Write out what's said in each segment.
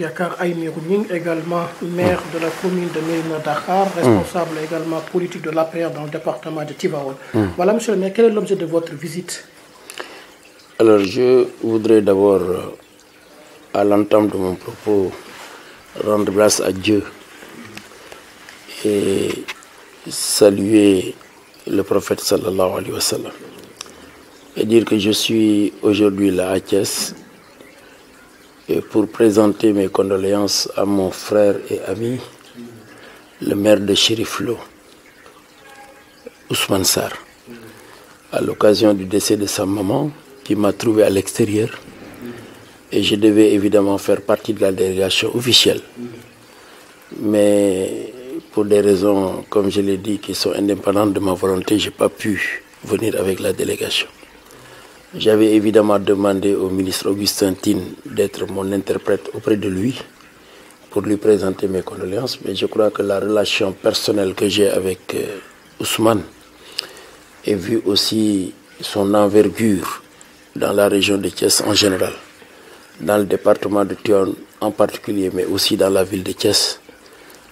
Yakar Aïmirouning, également maire de la commune de Mérina Dakar, hmm. responsable également politique de l'APR dans le département de Tivaouane. Madame Voilà, monsieur le quel est l'objet de votre visite Alors, je voudrais d'abord, euh, à l'entente de mon propos, rendre grâce à Dieu et saluer le prophète sallallahu alayhi wa sallam et dire que je suis aujourd'hui la à et pour présenter mes condoléances à mon frère et ami, le maire de Chériflo, Ousmane Sarr, à l'occasion du décès de sa maman qui m'a trouvé à l'extérieur. Et je devais évidemment faire partie de la délégation officielle. Mais pour des raisons, comme je l'ai dit, qui sont indépendantes de ma volonté, je n'ai pas pu venir avec la délégation. J'avais évidemment demandé au ministre Augustin d'être mon interprète auprès de lui pour lui présenter mes condoléances, mais je crois que la relation personnelle que j'ai avec euh, Ousmane et vu aussi son envergure dans la région de Thiès en général, dans le département de Thion en particulier, mais aussi dans la ville de Thiès,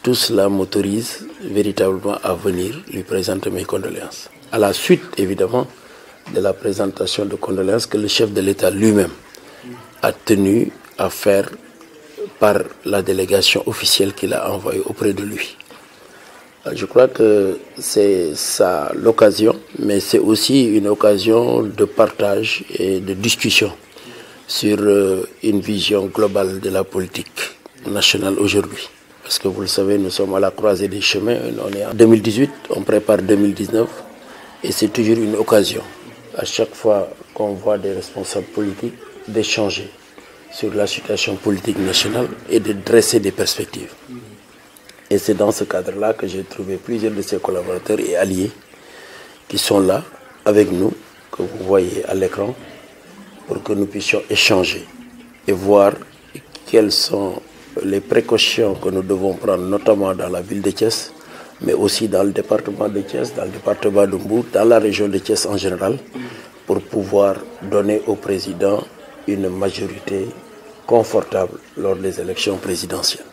tout cela m'autorise véritablement à venir lui présenter mes condoléances. À la suite, évidemment, de la présentation de condoléances que le chef de l'État lui-même a tenu à faire par la délégation officielle qu'il a envoyée auprès de lui. Euh, je crois que c'est ça l'occasion, mais c'est aussi une occasion de partage et de discussion sur euh, une vision globale de la politique nationale aujourd'hui. Parce que vous le savez, nous sommes à la croisée des chemins. On est en 2018, on prépare 2019 et c'est toujours une occasion à chaque fois qu'on voit des responsables politiques, d'échanger sur la situation politique nationale et de dresser des perspectives. Et c'est dans ce cadre-là que j'ai trouvé plusieurs de ses collaborateurs et alliés qui sont là avec nous, que vous voyez à l'écran, pour que nous puissions échanger et voir quelles sont les précautions que nous devons prendre, notamment dans la ville de Thiès, mais aussi dans le département de Thiès, dans le département de dans la région de Thiès en général, pour pouvoir donner au président une majorité confortable lors des élections présidentielles.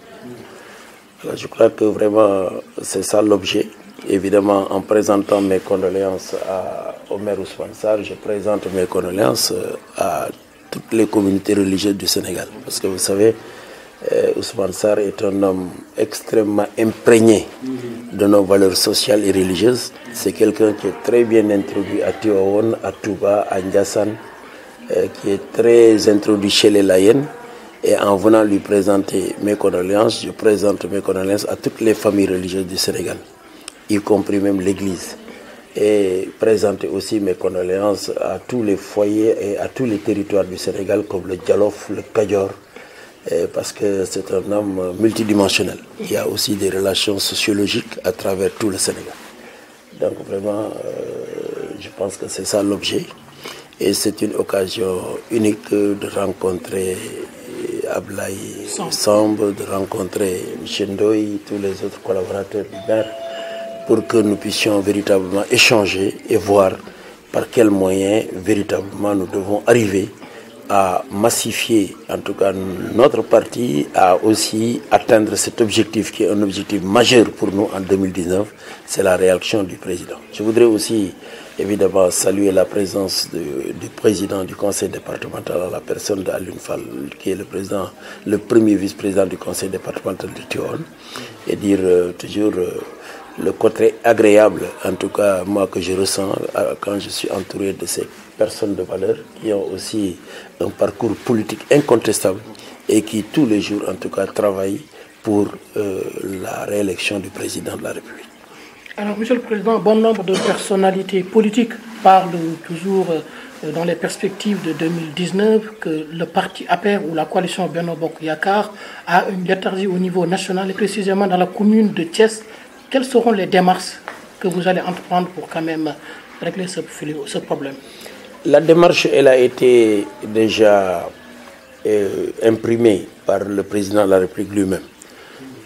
je crois que vraiment c'est ça l'objet. Évidemment, en présentant mes condoléances à Omer Sarr, je présente mes condoléances euh, à toutes les communautés religieuses du Sénégal. Parce que vous savez, euh, Ousmane Sarr est un homme extrêmement imprégné de nos valeurs sociales et religieuses. C'est quelqu'un qui est très bien introduit à Tiwawon, à Touba, à Ndiassan, euh, qui est très introduit chez les Laïens. Et en venant lui présenter mes condoléances, je présente mes condoléances à toutes les familles religieuses du Sénégal, y compris même l'Église. Et présente aussi mes condoléances à tous les foyers et à tous les territoires du Sénégal, comme le Djalof, le Kajor, euh, parce que c'est un homme multidimensionnel. Il y a aussi des relations sociologiques à travers tout le Sénégal. Donc vraiment, euh, je pense que c'est ça l'objet. Et c'est une occasion unique de rencontrer Ablaï ensemble de rencontrer Michel tous les autres collaborateurs du pour que nous puissions véritablement échanger et voir par quels moyens véritablement nous devons arriver à massifier, en tout cas notre parti, à aussi atteindre cet objectif qui est un objectif majeur pour nous en 2019, c'est la réaction du président. Je voudrais aussi évidemment saluer la présence du président du conseil départemental à la personne d'Alun Fal, qui est le président, le premier vice-président du conseil départemental de Thion, et dire euh, toujours... Euh, le côté agréable, en tout cas moi que je ressens euh, quand je suis entouré de ces personnes de valeur qui ont aussi un parcours politique incontestable et qui tous les jours en tout cas travaillent pour euh, la réélection du président de la République. Alors, Monsieur le Président, bon nombre de personnalités politiques parlent toujours euh, dans les perspectives de 2019 que le parti APER ou la coalition bernobo Yakar a une léthargie au niveau national et précisément dans la commune de Thiès quelles seront les démarches que vous allez entreprendre pour quand même régler ce, problème La démarche, elle a été déjà euh, imprimée par le président de la République lui-même,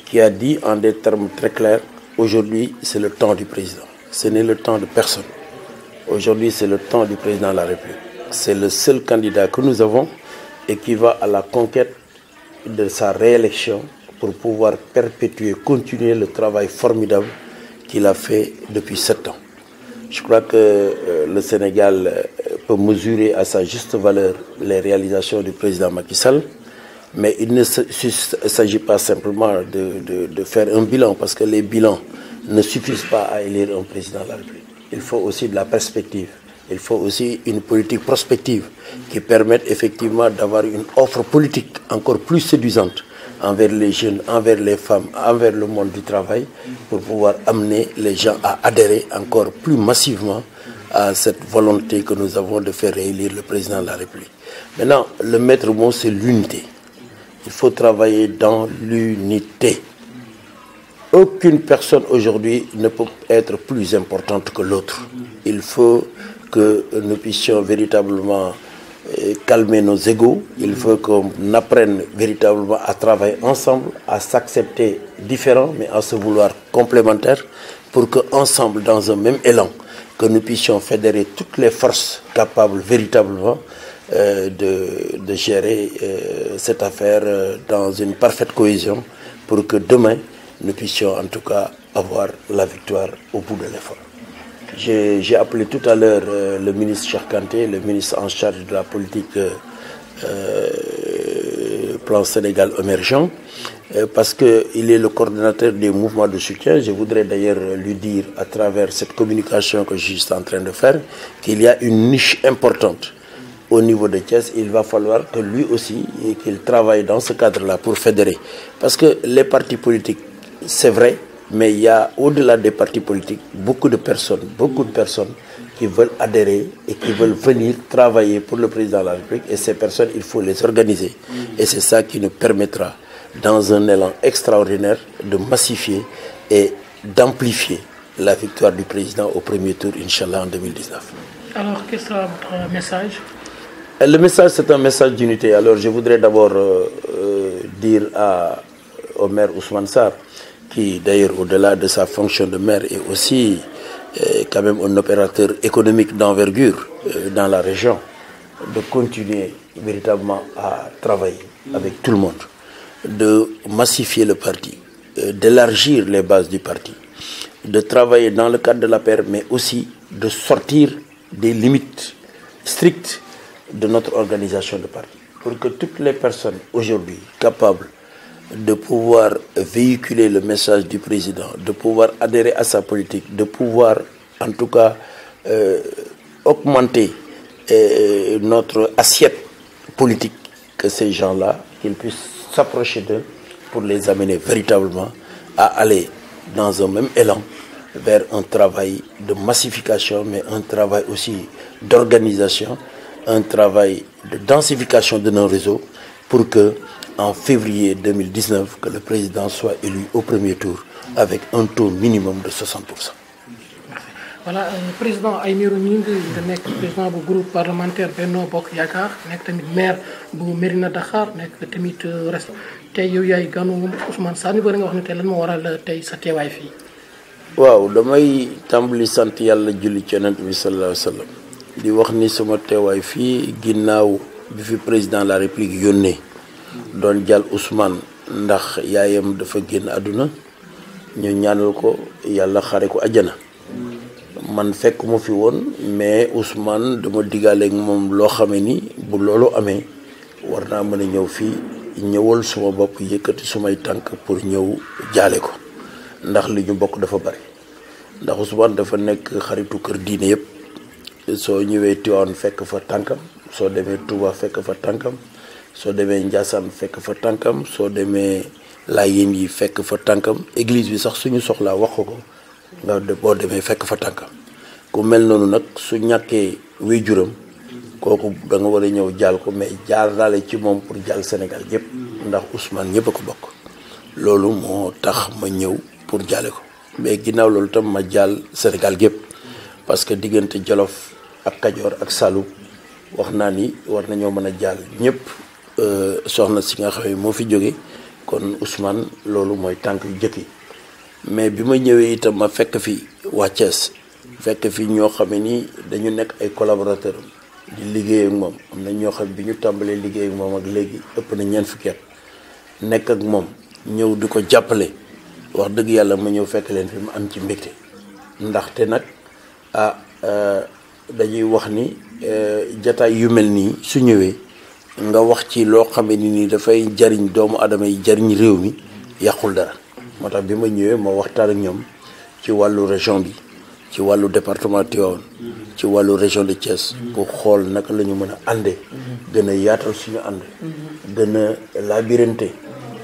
qui a dit en des termes très clairs, aujourd'hui c'est le temps du président, ce n'est le temps de personne. Aujourd'hui c'est le temps du président de la République. C'est le seul candidat que nous avons et qui va à la conquête de sa réélection pour pouvoir perpétuer, continuer le travail formidable qu'il a fait depuis sept ans. Je crois que euh, le Sénégal euh, peut mesurer à sa juste valeur les réalisations du président Macky Sall, mais il ne s'agit pas simplement de, de, faire un bilan, parce que les bilans ne suffisent pas à élire un président de la République. Il faut aussi de la perspective, il faut aussi une politique prospective qui permette effectivement d'avoir une offre politique encore plus séduisante envers les jeunes, envers les femmes, envers le monde du travail, pour pouvoir amener les gens à adhérer encore plus massivement à cette volonté que nous avons de faire réélire le président de la République. Maintenant, le maître mot, c'est l'unité. Il faut travailler dans l'unité. Aucune personne aujourd'hui ne peut être plus importante que l'autre. Il faut que nous puissions véritablement calmer nos égaux. Il faut qu'on apprenne véritablement à travailler ensemble, à s'accepter différents, mais à se vouloir complémentaires pour qu'ensemble, dans un même élan, que nous puissions fédérer toutes les forces capables véritablement euh, de, de, gérer euh, cette affaire euh, dans une parfaite cohésion pour que demain, nous puissions en tout cas avoir la victoire au bout de l'effort. J'ai appelé tout à l'heure euh, le ministre Charcanté, le ministre en charge de la politique euh, euh, plan Sénégal émergent, parce qu'il est le coordinateur des mouvements de soutien. Je voudrais d'ailleurs lui dire, à travers cette communication que je suis en train de faire, qu'il y a une niche importante au niveau de Thiès, il va falloir que lui aussi, qu'il travaille dans ce cadre-là pour fédérer. Parce que les partis politiques, c'est vrai, mais il y a, au-delà des partis politiques, beaucoup de personnes, beaucoup de personnes qui veulent adhérer et qui veulent venir travailler pour le président de la République. Et ces personnes, il faut les organiser. Et c'est ça qui nous permettra, dans un élan extraordinaire, de massifier et d'amplifier la victoire du président au premier tour, Inch'Allah, en 2019. Alors, quel sera votre message euh, Le message, c'est un message d'unité. Alors, je voudrais d'abord euh, euh, dire à, Omer Ousmane Sarr qui d'ailleurs au-delà de sa fonction de maire est aussi euh, quand même un opérateur économique d'envergure euh, dans la région, de continuer véritablement à travailler avec tout le monde, de massifier le parti, euh, d'élargir les bases du parti, de travailler dans le cadre de la paix, mais aussi de sortir des limites strictes de notre organisation de parti, pour que toutes les personnes aujourd'hui capables de pouvoir véhiculer le message du président, de pouvoir adhérer à sa politique, de pouvoir en tout cas euh, augmenter euh, notre assiette politique, que ces gens-là, qu'ils puissent s'approcher d'eux pour les amener véritablement à aller dans un même élan vers un travail de massification, mais un travail aussi d'organisation, un travail de densification de nos réseaux pour que en février 2019 que le président soit élu au premier tour avec un taux minimum de 60%. voilà euh, président Aymérou Gningue nga nekk président du groupe parlementaire Benno Bokk Yaakaar nekk tamit maire de Mérina Dakar, nekk tamit euh, reste tey yow yaay ganu Ousmane Sane bari nga wax ne tey lan moo waral euh, tey sa teewaay fii. waaw damay tàmbali sant yàlla julli ci yonent bi sallallahu alayhi wa sallam di wax ni sama teewaay fii ginnaaw bi fi président de la république yónnee. doon jàll Ousmane ndax yaayam dafa génn àdduna ñu ñaanal ko yàlla xare ko àjjana man fekk mu fi woon mais Ousmane dama diggaaleeg moom loo xame ni bu loolu amee war naa mën a ñëw fii ñëwal suma bopp yëkkati sumay tànk pour ñëw jaale ko ndax li ñu bokk dafa bari ndax Ousmane dafa nekk xaritu kër diine yëpp soo ñëwee Tiwaawan fekk fa tànkam soo demee Touba fekk fa tànkam soo demee Ndiassane fekk fa tànkam soo demee Layeen yi fekk fa tànkam église bi sax suñu soxlaa wax ko nga de boo demee fekk fa tànkam ku mel noonu nag su ñàkkee waajuram kooku da nga war a ñëw jaal ko mais jaar daale ci moom pour jaal Sénégal yëpp ndax Ousmane ñëpp a ko bokk loolu moo tax ma ñëw pour jaale ko mais ginnaaw loolu tam ma jaal Sénégal gépp parce que diggante Jolof ak Kajoor ak Saalum wax naa ni war nañoo mën a jaal ñëpp Euh, soxna si nga xam moo fi jóge kon Ousmane loolu mooy tànk yu jëkk yi mais bi ma ñëwee itam ma fekk fi waa fekk fi ñoo xam ne nii dañu nekk ay collaborateur di liggéey ak moom am na ñoo xam bi ñu tàmbalee liggéey ak moom ak léegi ëpp na ñeent fukki nekk ak moom ñëw di ko jàppale wax dëgg yàlla ma ñëw fekk leen fi mu am ci mbégte ndaxte nag ah euh, dañuy wax ni euh, jataay yu mel nii su ñëwee nga wax ci loo xame ni nii dafay jariñ doomu adama yi jariñ réew mi yàqul dara moo tax bi ma ñëwee ma waxtaan ak ñoom ci wàllu région bi ci wàllu département Tivaouane ci wàllu région de Thiès pour xool naka la ñu mën a àndee gën a yaatal suñu ànd gën a labirante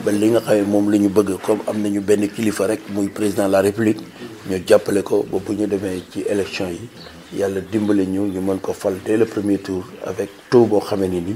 ba li nga xam ne moom la ñu bëgg comme am na ñu benn kilifa rek muy président la république ñu jàppale ko ba bu ñu demee ci élection yi yàlla dimbale ñu ñu mën ko fal dès le premier tour avec taux boo xamee nii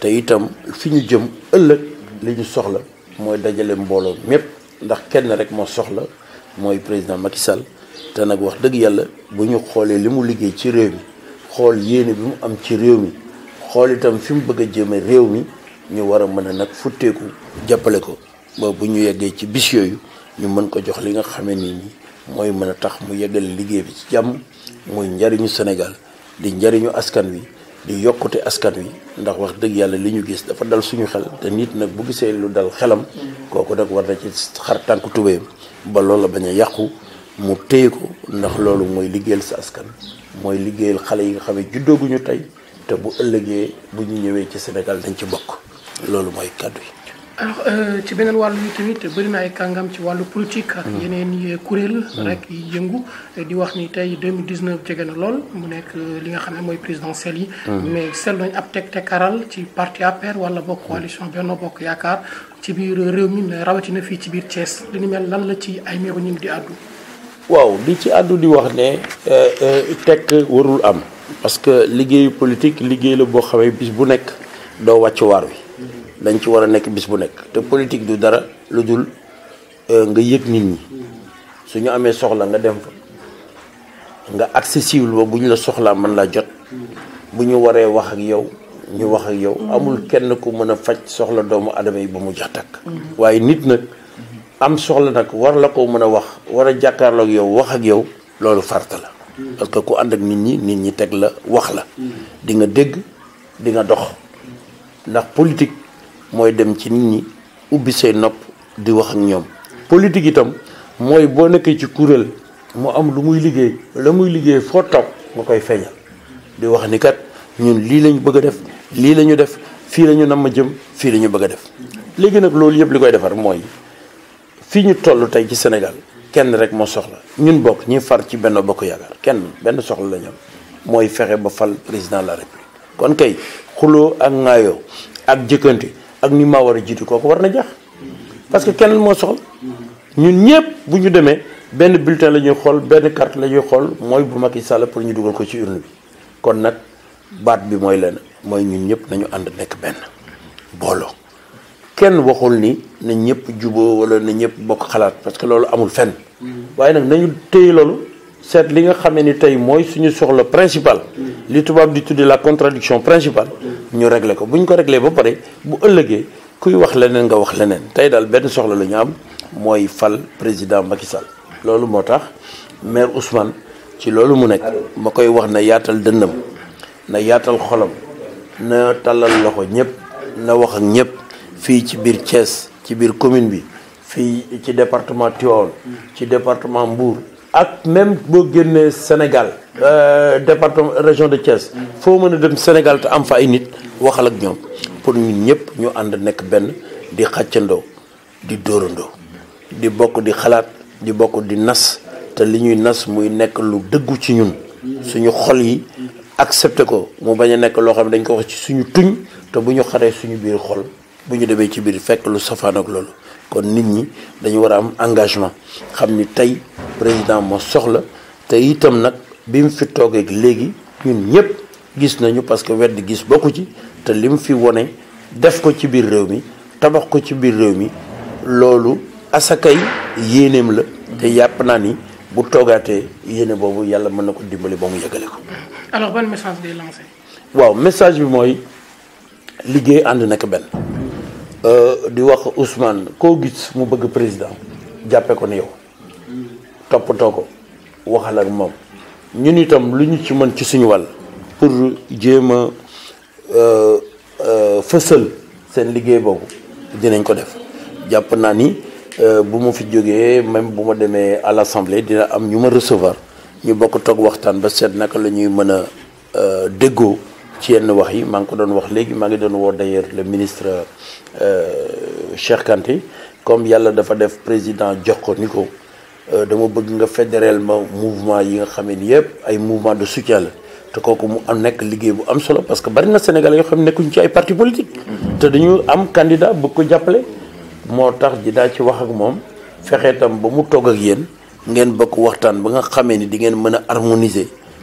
te itam fi ñu jëm ëllëg li ñu soxla mooy dajale mbooloo mépp ndax kenn rek moo soxla mooy président Macky te nag wax dëgg yàlla bu ñu xoolee li mu liggéey ci réew mi xool yéene bi mu am ci réew mi xool itam fi mu bëgg a jëme réew mi ñu war a mën a nag futteeku jàppale ko ba ñu yeggee ci bis yooyu ñu mën ko jox li nga xamee ni nii mooy mën a tax mu yeggale liggéey bi ci jàmm mooy njariñu Sénégal di njariñu askan wi di yokkute askan wi ndax wax dëgg yàlla li ñu gis dafa dal suñu xel te nit nag bu gisee lu dal xelam kooku nag war na ci xar tànk tubéyam ba loolu la bañ a yàqu mu téye ko ndax loolu mooy liggéeyal sa askan mooy liggéeyal xale yi nga xam ne juddooguñu tey te bu ëllëgee bu ñu ñëwee ci Sénégal dañ ci bokk loolu mooy kàddu yi alors euh, ci beneen wàllu yi tamit bëri na ay kàngam ci wàllu politique. ak mm-hmm. yeneen yi kuréel. Mm-hmm. rek yi yëngu di wax ni tey 2019 jege na lool mu nekk euh, li nga xam ne mooy présidentielle yi. Mm-hmm. mais seetlu nañ ab teg tekkaral ci parti APR wala bokk coalition benn Bokk Yaakaar ci biir euh, réew mi rawatina fii ci biir Thiès li ni mel lan la ci ay mégo ñim di àddu. waaw di ci àddu di wax ne tekk warul am parce que liggéeyu politique liggéey la boo xamee bis bu nekk doo wàcc waar wi. dañ ci wara nek bis bu nek te politique du dara ludul euh nga yek nit ñi suñu amé soxla nga dem fa nga accessible ba buñ la soxla man la jot buñu waré wax ak yow ñu wax ak yow amul kenn ku mëna fajj soxla doomu adama yi ba mu jox takk mm-hmm. nit nak mm-hmm. am soxla nak war la ko mëna wax wara jakarlo ak yow wax ak yow lolu farta la mm-hmm. parce que ku and ak nit ñi nit ñi tek la wax la di nga dégg di nga dox ndax politique moy dem ci nit ñi ubbi say nopp di wax ak ñom politique itam moy bo nekkee ci courel mu am lu muy liggéey la muy liggéey fo top nga koy feñal di wax ni kat ñun li lañu bëgg def li lañu def fi lañu nam jëm fi lañu bëgg def léegi nak loolu yëpp likoy defar moy fii ñu toll ci Sénégal kenn rek mo soxla ñun bok ñi far ci benn bokku yagar kenn benn soxla lañu moy fexé ba fal président de la république kon kay xulo ak ngaayo ak jëkënte ak ni ma war a jiitu kooku war na jax parce que kenn moo soxla ñun ñëpp bu ñu demee benn bulletin la ñuy xool benn carte la ñuy xool mooy bu mag yi Sall pour ñu dugal ko ci urne bi kon nag baat bi mooy leen mooy ñun ñëpp nañu ànd nekk benn booloo kenn waxul ni na ñëpp juboo wala na ñëpp bokk xalaat parce que loolu amul fenn mm-hmm. waaye nag nañu téye loolu seet li nga xamee ni tey mooy suñu soxla principal mm-hmm. li tubaab di la contradiction principale ñu réglé ko ko réglé ba bu kuy wax nga wax soxla président Macky Sall loolu Ousmane ci mu ma wax na yaatal na yaatal xolam na loxo ñëpp na wax ak ñëpp ci bi ci département ci département ak même boo génnee Sénégal euh, département région de Thiès foo mën a dem Sénégal te am fa ay nit waxal ak ñoom pour ñun ñëpp ñu ànd nekk benn di xàccandoo di dóorandoo di bokk di xalaat di bokk di nas te li ñuy nas muy nekk lu dëggu ci ñun suñu xol yi ak accepté ko mu bañ a nekk loo xam ne dañ ko wax ci suñu tuñ te bu ñu xaree suñu biir xol bu ñu demee ci biir fekk lu safaan loolu kon nit ñi dañu war a am engagement xam ni tey président moo soxla te itam nag bi mu fi toogee léegi ñun ñëpp gis nañu parce que wedd gis bokku ci te lim fi wone def ko ci biir réew mi tabax ko ci biir réew mi loolu asakay yéeneem la te yàpp naa ni bu toogaatee yéene boobu yàlla mën na ko dimbali ba mu yëgale ko. alors ban message ngay lancé. waaw message bi mooy liggéey ànd nekk benn. Euh, di wax Ousmane koo gis mu bëgg président jàppe ko ni yow toppatoo ko waxal ak moom ñun itam lu ñu ci mën ci suñu wàll pour jéem a euh, euh, fësal seen liggéey boobu dinañ ko def jàpp naa ni bu ma fi jógee même bu ma demee à l'assemblée dina am ñu ma recevoir ñu bokk toog waxtaan ba seet naka la ñuy mën a déggoo ci yenn wax yi maa ngi ko doon wax léegi maa ngi doon woo le ministre euh, Cheikh Kanté comme yàlla dafa def président jox ko ni ko euh, dama bëgg nga fédéral ma mouvement yi nga xamee ni yëpp ay mouvement de soutien la te kooku mu am nekk liggéey bu am solo parce que bari na Sénégal yoo xam nekkuñ ci ay parti politique te dañu am candidat bëgg ko jàppale moo tax dinaa ci wax ak moom fexe tam ba mu togg ak yéen ngeen bëgg waxtaan ba nga xamee ni di ngeen mën a harmoniser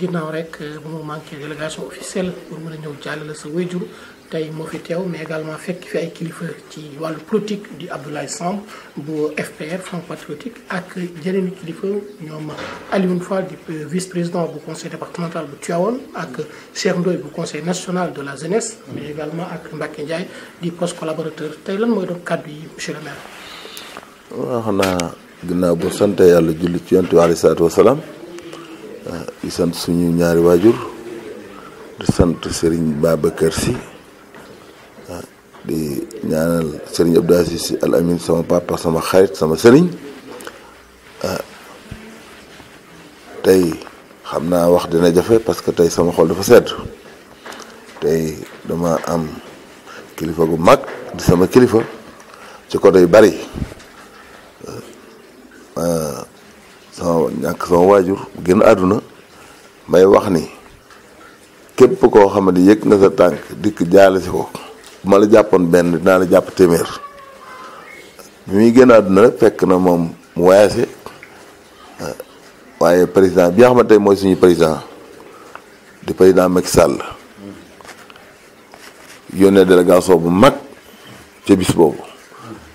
ginnaaw rek euh, bu mu manqué délégation officielle pour mën a ñëw jàllale sa wéjur tay mo fi tew mais également fekk fi ay kilifa ci walu politique di Abdoulaye Samb bu FPR Front Patriotique ak yeneen kilifa ñom Alioune Fall di vice président bu conseil départemental bu Tivaouane ak Cheikh Ndoye bu conseil national de la jeunesse. mais également ak Mbacke Ndiaye di poste collaborateur tay lan moy doon cadre yi monsieur le maire. waaw xanaa ginnaaw bu sante yalla julli ci yonent bi alayhi salaatu di sant suñu ñaari waajur di sant Serigne kër si ah, di ñaanal Serigne Abdou Aziz Sy Al sama papa sama xarit sama Serigne ah, tey xam naa wax dina jafe parce que tey sama xol dafa sedd tey dama am kilifa gu mag di sama kilifa ci côté yu bari. Ah, sama ñàkk sama waajur génn àdduna may wax ni képp koo xam ne yëg nga sa tànk dikk jaale si ko bu ma la jàppoon benn dinaa la jàpp téeméer bi muy génn àdduna rek fekk na moom mu waayase waaye président bi nga xamante ne mooy suñu président di président Macky Sall yónnee délégation bu mag ca bis boobu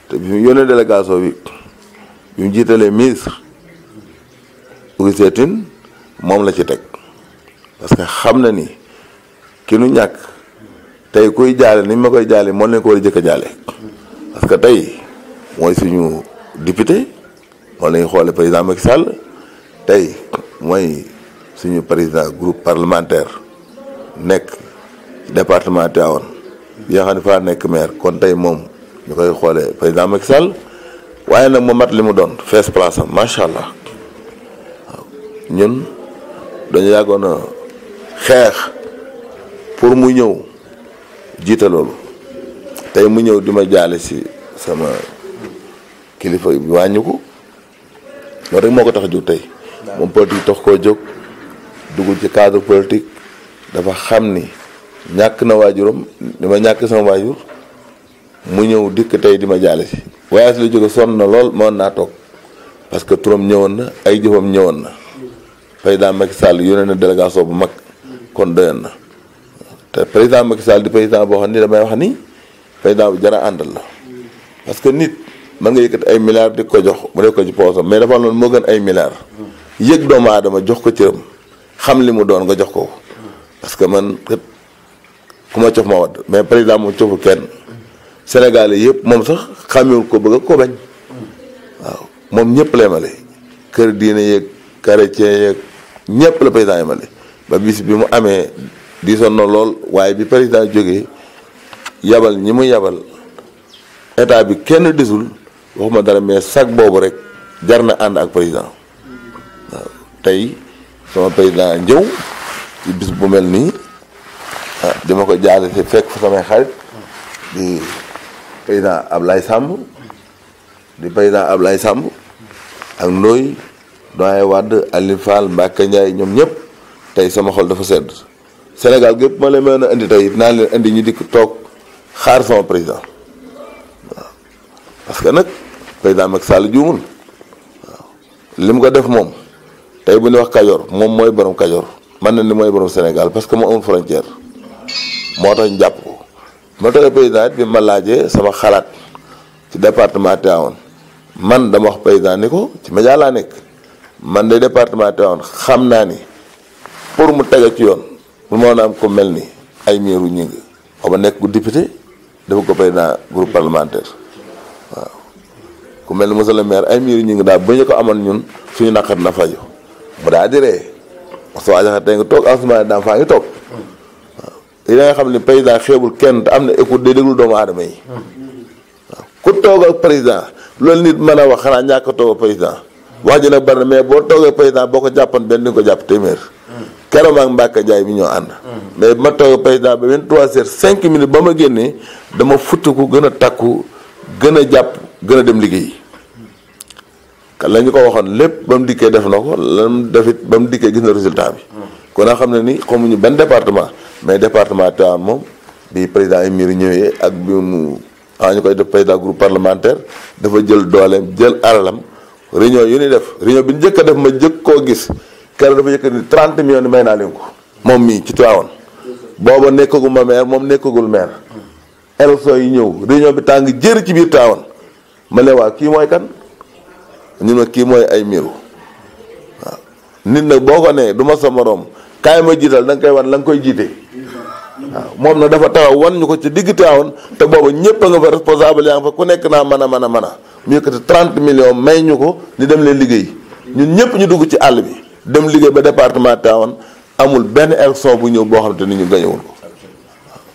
te bi mu yónnee délégation bi bi mu jiitalee ministre uriseetin moom la ci teg parce que xam na ni ki nu ñàkk tey kuy jaale ni ma koy jaale moom lañ ko war a jëkk jaale parce que tey mooy suñu député moom lañuy ñuy xoole président Macky Sall tey mooy suñu président groupe parlementaire nekk département Tivaouane bi nga xam ne faa nekk maire kon tey moom ñu koy xoole président Macky Sall waaye nag mu mat li mu doon fees place am macha allah. ñun dañu yàggoon a xeex pour mu ñëw jiite loolu tey mu ñëw di ma jaale si sama kilifa bi wàññi loolu rek moo ko tax a tey moom politique tax koo jóg dugg ci cadre politique dafa xam ni ñàkk na waajuram di ma ñàkk sama waajur mu ñëw dikk tey di ma jaale si voyage la jóge sonn na lool mën naa toog parce que turam ñëwoon na ay jëfam ñëwoon na président Macky Sall yónnee na délégation bu mag kon doyoon na te président Macky Sall di président boo xam ni damay wax ni président bu jara àndal la parce que nit mën nga yëkkati ay milliards di ko jox mu def ko ci poosam mais dafa moo gën ay milliards yëg doomu aadama jox ko cëram xam li mu doon nga jox ko parce que man kat ku ma cof ma wadd mais président moom coful kenn Sénégal yëpp moom sax xamewul ko bëgg ko bañ waaw moom ñëpp lay male kër diine yeeg chrétien yeeg ñëpp la ma yemale ba bis bi mu amee diisoon na lool waaye bi président jógee yabal ñi mu yabal état bi kenn disul waxuma dara mais sag boobu rek jar na ànd ak président tey sama président njëw ci bis bu mel nii ah, di ma ko jaale si fekk fa samay xarit di président Ablaye Samb di ab Ablaye sàmb ak Ndoye doyen Wade Aliou Fall Mbacke Ndiaye ñoom ñëpp tey sama xol dafa sedd Sénégal gépp ma leen mën a indi tey naa leen indi ñu dikk toog xaar sama président parce que nag président Macky Sall juumul waaw li ko def moom tey bu ñu wax Kajoor moom mooy borom Kajoor man na ni mooy borom Sénégal parce que moo amul frontière moo tax ñu jàpp ko ma toogee président bi ma laajee sama xalaat ci département Tivaouane man dama wax président ni ko ci média laa nekk man de département Tivaouane xam naa ni pour mu tege ci yoon mu mën a am ko mel ni ay miiru ñëng xaw ma nekk ku député dafa ko président groupe parlementaire waaw ku mel ni monsieur le maire ay miiru ñëng daal bu ñu ko amoon ñun suñu naqar na faju mu daa di ree parce que waa Jaxate tey nga toog faa ngi toog waaw li nga xam ne président xeebul kenn te am na écoute day déglu doomu aadama yi waaw ku toog ak président loolu nit mën a wax xanaa ñàkk a ak président. wajina ji nag bari na mais boo toogee président boko ko ben ko jàpp téeméer kéro ak mbaka jay mi ño and mais ma toge président ba 23 h 5 minutes bama génné dama futtiku ko gëna takku gëna a gëna dem liggéey. kan lañ ko waxon lepp bam diké def nako lam defit bam diké gis na résultat bi. ko na xamné ni xomu ñu ben département mais département ta mom bi président Émiri ñëwé ak bi mu ah ñu def président groupe parlementaire dafa jël dooleem jël alalam. réunion yu ñuy def réunion bi njëkk a def ma njëkk koo gis keroog dafa yëkkat ni 30 millions ni may naa leen ko moom mii ci Tiwaawan booba nekkagu ma maire moom nekkagul maire élection yi ñëw réunion bi tàng jër ci biir Tiwaawan ma ne waa kii mooy kan ñu ne kii mooy ay miiru waaw nit nag boo ko nee du ma sa morom kaay ma jiital da koy wan la nga koy jiite waaw moom nag dafa taxaw wan ñu ko ci digg Tiwaawan te boobu ñëpp a nga fa responsable yaa nga fa ku nekk naa mën a mën a a mu yëkkati 30 millions may ñu ko ni dem leen liggéey ñun ñëpp ñu dugg ci àll bi dem liggéey ba département Tiwaawan amul benn élection bu ñëw boo xam te ni ñu gañewul ko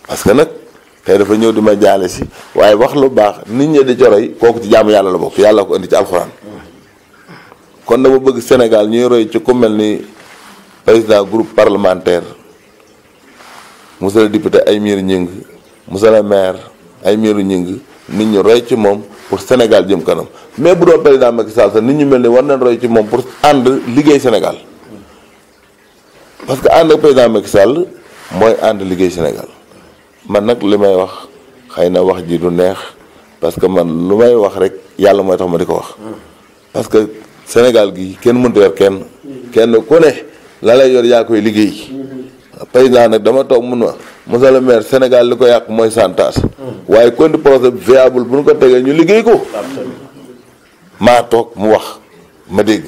parce que nag tey dafa ñëw di ma jaale si waaye wax lu baax nit ñi di coroy kooku ci jaamu yàlla la bokk yàlla ko indi ci alxuraan kon dama bëgg Sénégal ñuy roy ci ku mel ni président groupe parlementaire monsieur le député Aymérou Gningue monsieur le maire Aymérou Gningue nit ñu roy ci moom pour Sénégal jëm kanam mais bu doon président Macky Sall sax nit ñu mel ni war nañ roy ci moom pour ànd liggéey Sénégal parce que ànd ak président Macky Sall mooy ànd liggéey Sénégal man nag li may wax xëy na wax ji du neex parce que man lu may wax rek yàlla mooy tax ma di ko wax parce que Sénégal gi kenn mënut yor kenn kenn ku ne la lay yor yaa koy liggéey paysan nag dama toog mun ma monsieur le maire Sénégal li ko yàq mooy santas waaye kon bi viable bu ñu ko tegee ñu liggéey ko maa toog mu wax ma dégg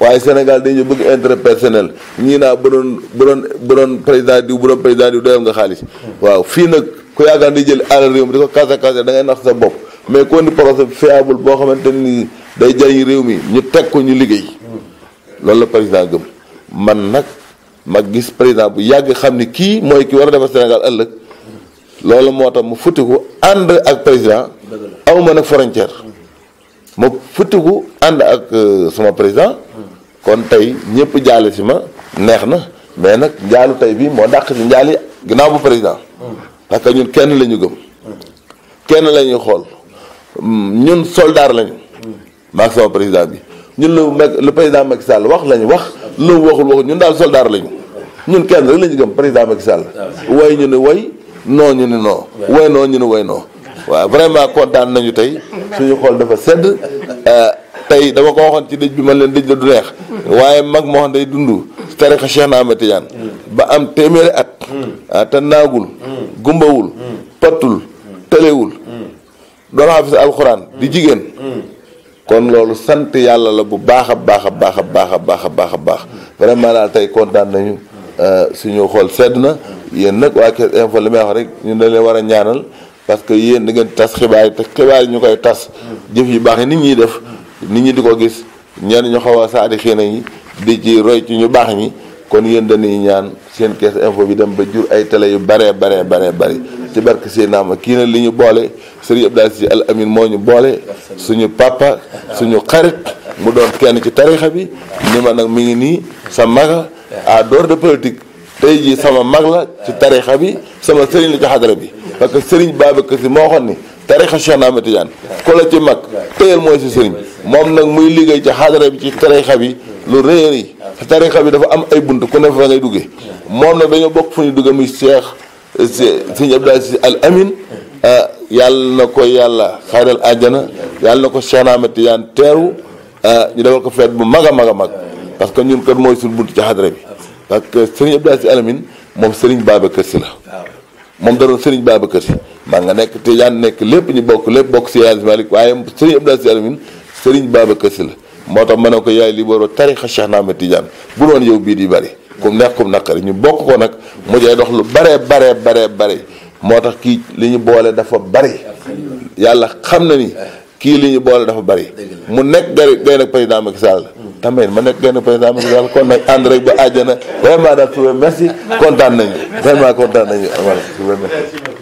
waaye Sénégal dañu bëgg intérêt personnel ñii naa bu doon bu doon bu président diw bu doon président diw doyal nga xaalis waaw fii nag ku yaakaar di jël alal réew mi di ko kase kase da ngay nax sa bopp mais kon projet fiable boo xamante ni day jariñ réew mi ñu teg ko ñu liggéey loolu la président gëm nag mag gis président bu yàgg xam ni kii mooy ki war a defar Sénégal ëllëg loolu moo tax mu futtiku ànd ak président aw ma nag frontière ma futtiku ànd ak euh, suma président kon tey ñëpp jaale si ma neex na mais nag njaalu tey bi moo dàq si njaali ginnaaw bu président parce que ñun kenn lañu ñu gëm kenn la ñuy xool ñun soldaar lañu maag sama président bi ñun lu mekk lu président Macky Sall wax lañu wax lu mu waxul waxul ñun daal soldaar lañu ñun kenn rek lañu gëm président Macky Sall way ñu ne way noo ñu ne noo way noo ñu ne way noo waaw vraiment kontaan nañu tey suñu xool dafa sedd euh, tey dama ko waxoon ci dëj bi man leen dëj la du neex waaye mag moo xam day dund tarixa Cheikh na Ahmed ba am téeméeri at hmm. ah, te naagul hmm. gumbawul hmm. pattul telewul doon xaafis alxuraan di jigéen kon loolu sant yàlla la bu baax a baax a baax a baax a baax a baax a baax vraiment daal tey kontaan nañu euh, suñu xool sedd na yéen nag waa Thiès Info li may wax rek ñun dañ leen war a ñaanal parce que yéen di ngeen tas xibaar yi te xibaar ñu koy tas jëf yu baax yi nit ñi def nit ñi di ko gis ñenn ñu xaw a saadi xéena yi di ci roy ci ñu baax ñi kon yéen dañuy ñaan seen kes Info bi dem ba jur ay télé yu baree bare baree bari ci barke seen naama kii na li ñu boole Serigne Abdoul si Al amin moo ñu boole suñu papa suñu xarit mu doon kenn ci tarixa bi ni ma nag mi ngi nii sa maga à door de politique tey jii sama mag la ci tarixa bi sama Serigne la ci xadara bi parce que Serigne Babacar Sy moo xoon ni tarixa Cheikh Ahmed Tidiane ku la ci si Serigne moom nag muy liggéey ci xadara bi ci tarixa bi lu rëy a tarixa bi dafa am ay bunt ku ne fa ngay duggee moom nag dañoo bokk fu ñu duggee muy Cheikh Serigne Abdoul Aziz Al Amine yàlla na ko yàlla xayral àjjana yàlla na ko Cheikh Ahmed Tidiane teeru ah, ñu defal ko feet bu mag a mag a mag parce que ñun kat mooy suñu bunt ci xadra bi parce que Serigne Abdou Aziz Sy Al Amine moom Serigne Babacar Sy la moom da doon maa nga nekk Tidiane nekk lépp ñu bokk lépp bokk si Hadj Malick waaye Serigne Abdou Aziz Sy Al Amine la moo tax mën ne ko yaay li booroo tarixa Cheikh Ahmed Tidiane bu doon yow bii di bëri comme neex comme naqari ñu bokk ko nag mu jee dox lu baree baree baree bare moo tax kii li ñu boole dafa bari yàlla xam na ni kii li ñu boole dafa bari mu nekk gari gay nag président Macky Sall tamit ma nekk gay nag président Macky Sall kon nag ànd rek ba àjjana vraiment daal Touré merci kontaan nañu vraiment kontaan nañu voilà Touré